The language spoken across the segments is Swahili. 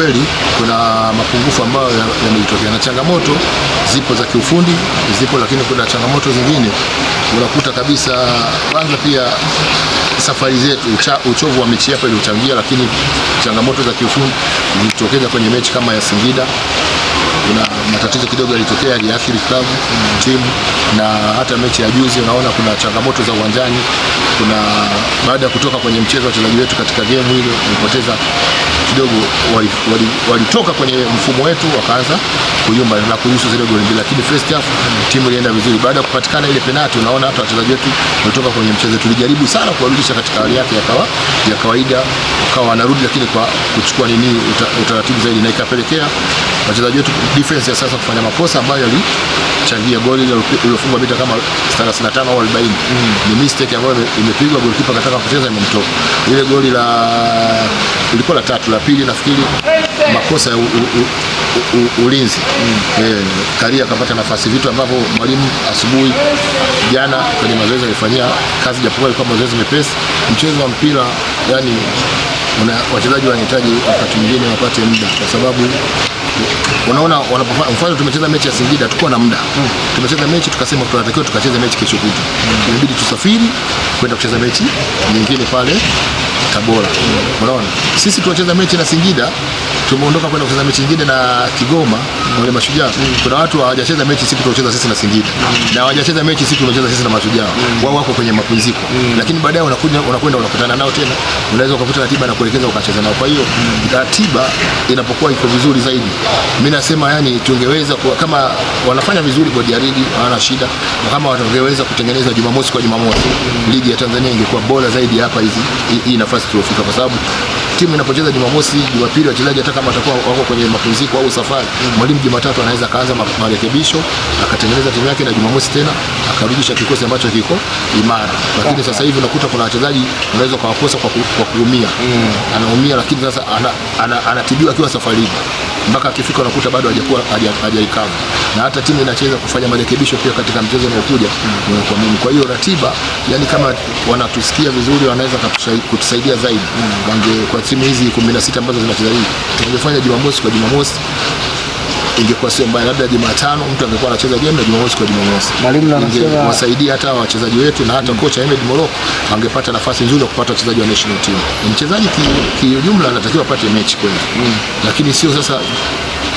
kweli kuna mapungufu ambayo yamejitokea, na changamoto zipo za kiufundi zipo, lakini kuna changamoto zingine unakuta kabisa. Kwanza pia safari zetu, uchovu wa mechi hapa ilichangia, lakini changamoto za kiufundi zilitokeza kwenye mechi kama ya Singida kuna matatizo kidogo yalitokea yaliathiri klabu timu, na hata mechi ya juzi unaona kuna changamoto za uwanjani kuna baada ya kutoka kwenye mchezo wachezaji wetu katika game ile walipoteza kidogo, walitoka wali, wali kwenye mfumo wetu wakaanza kuyumba na kuruhusu zile goli mbili, lakini first half timu ilienda vizuri. Baada ya kupatikana ile penalti, unaona hata wachezaji wetu walitoka kwenye mchezo. Tulijaribu sana kuwarudisha katika hali yake ya kawa, ya kawaida, kawa wanarudi lakini kwa kuchukua nini uta, utaratibu zaidi, na ikapelekea wachezaji wetu defense ya sasa kufanya makosa ambayo changia goli lililofungwa mita kama 35 au 40. Mm. Ni mistake ambayo ime, imepigwa golikipa akataka kucheza imemtoka. Ile goli la ilikuwa la tatu la pili nafikiri, makosa ya ulinzi mm. E, eh, Karia akapata nafasi, vitu ambavyo mwalimu asubuhi jana kwenye mazoezi alifanyia kazi, japokuwa ilikuwa mazoezi mepesi. Mchezo wa mpira yani wachezaji wanahitaji wakati mwingine wapate muda, kwa sababu unaona wanapofanya. Mfano, tumecheza mechi ya Singida, tuko na muda mm. tumecheza mechi tukasema tunatakiwa tukacheze mechi kesho kutwa mm. inabidi tusafiri kwenda kucheza mechi nyingine pale Tabora. Unaona? Sisi tunacheza mechi na Singida, tumeondoka kwenda kucheza mechi nyingine na Kigoma na wale mashujaa. Kuna watu hawajacheza mechi siku tunacheza sisi na Singida. Na hawajacheza mechi siku tunacheza sisi na mashujaa. Wao wako kwenye mapumziko. Lakini baadaye unakuja unakwenda unakutana nao tena. Unaweza ukakuta ratiba na kuelekeza ukacheza nao. Kwa hiyo ratiba inapokuwa iko vizuri zaidi. Mimi nasema yani tungeweza kwa, kama wanafanya vizuri bodi ya ligi hawana shida. Kama watungeweza kutengeneza Jumamosi kwa Jumamosi ligi ya Tanzania ingekuwa bora zaidi hapa hizi hii nafasi tuliofika, kwa sababu timu inapocheza Jumamosi, Jumapili, wachezaji hata kama watakuwa wako kwenye mapumziko au safari, mwalimu Jumatatu anaweza kaanza marekebisho akatengeneza timu yake, na Jumamosi tena akarudisha kikosi ambacho kiko imara. Lakini sasa hivi unakuta kuna wachezaji unaweza kuwakosa kwa kuumia, mm. anaumia lakini sasa anatibiwa ana, ana, ana akiwa safarini, mpaka akifika unakuta bado hajaikuwa hajaikava na hata timu inacheza kufanya marekebisho pia katika mchezo unaokuja mm. kwa mimi. Kwa hiyo ratiba, yani kama wanatusikia vizuri, wanaweza kutusaidia zaidi mm. wange kwa timu hizi 16 ambazo zinacheza hivi, tungefanya Jumamosi kwa Jumamosi ingekuwa sio mbaya, labda Jumatano mtu angekuwa anacheza game na Jumamosi kwa Jumamosi, mwalimu anasema wasaidia hata wachezaji wetu na hata mm. kocha Ahmed Moroko angepata nafasi nzuri ya kupata wachezaji wa national team. Mchezaji kiujumla ki anatakiwa apate mechi kweli mm. lakini sio sasa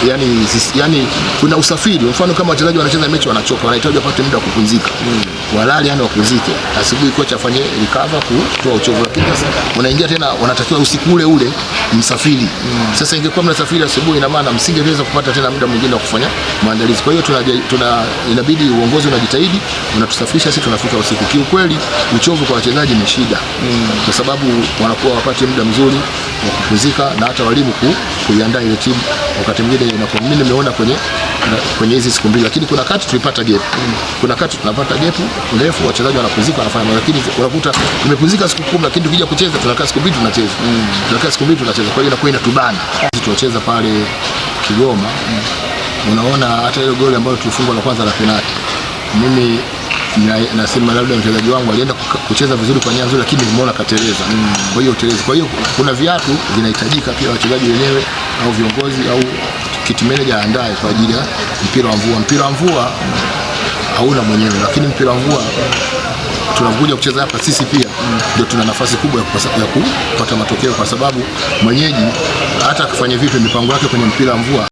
yani, yani kuna usafiri. Mfano kama wachezaji wanacheza mechi wanachoka, wanahitaji wapate muda wa kupumzika mm. walali yani wapumzike, asubuhi kocha afanye recover kutoa uchovu, lakini sasa unaingia tena, wanatakiwa usiku ule ule msafiri mm. Sasa ingekuwa mnasafiri asubuhi, ina maana msingeweza kupata tena muda mwingine wa kufanya maandalizi. Kwa hiyo tuna, tuna inabidi uongozi unajitahidi, unatusafirisha sisi tunafika usiku. Kiukweli uchovu kwa wachezaji ni shida mm. kwa sababu wanakuwa wapate muda mzuri wa kupumzika na hata walimu kuiandaa ile timu wakati mwingine inakuwa mimi nimeona kwenye kwenye hizi siku mbili, lakini kuna kati tulipata gap, kuna kati tunapata gap ndefu, wachezaji wanapuzika wanafanya, lakini unakuta tumepuzika siku kumi, lakini tukija kucheza tunakaa siku mbili tunacheza, tunakaa siku mbili tunacheza, kwa hiyo inakuwa inatubana. Tunacheza pale Kigoma, unaona hata ile goli ambayo tulifungwa la kwanza la penalti, mimi na nasema labda mchezaji wangu alienda kucheza vizuri kwa nyanzo, lakini nimeona kateleza. Mm. Kwa hiyo utelezi. Kwa hiyo kuna viatu vinahitajika pia wachezaji wenyewe au viongozi au kit manager aandae kwa ajili ya mpira wa mvua. Mpira wa mvua hauna mwenyewe, lakini mpira wa mvua tunakuja kucheza hapa sisi pia ndio, mm. tuna nafasi kubwa ya kupata matokeo, kwa sababu mwenyeji hata akifanya vipi mipango yake kwenye mpira wa mvua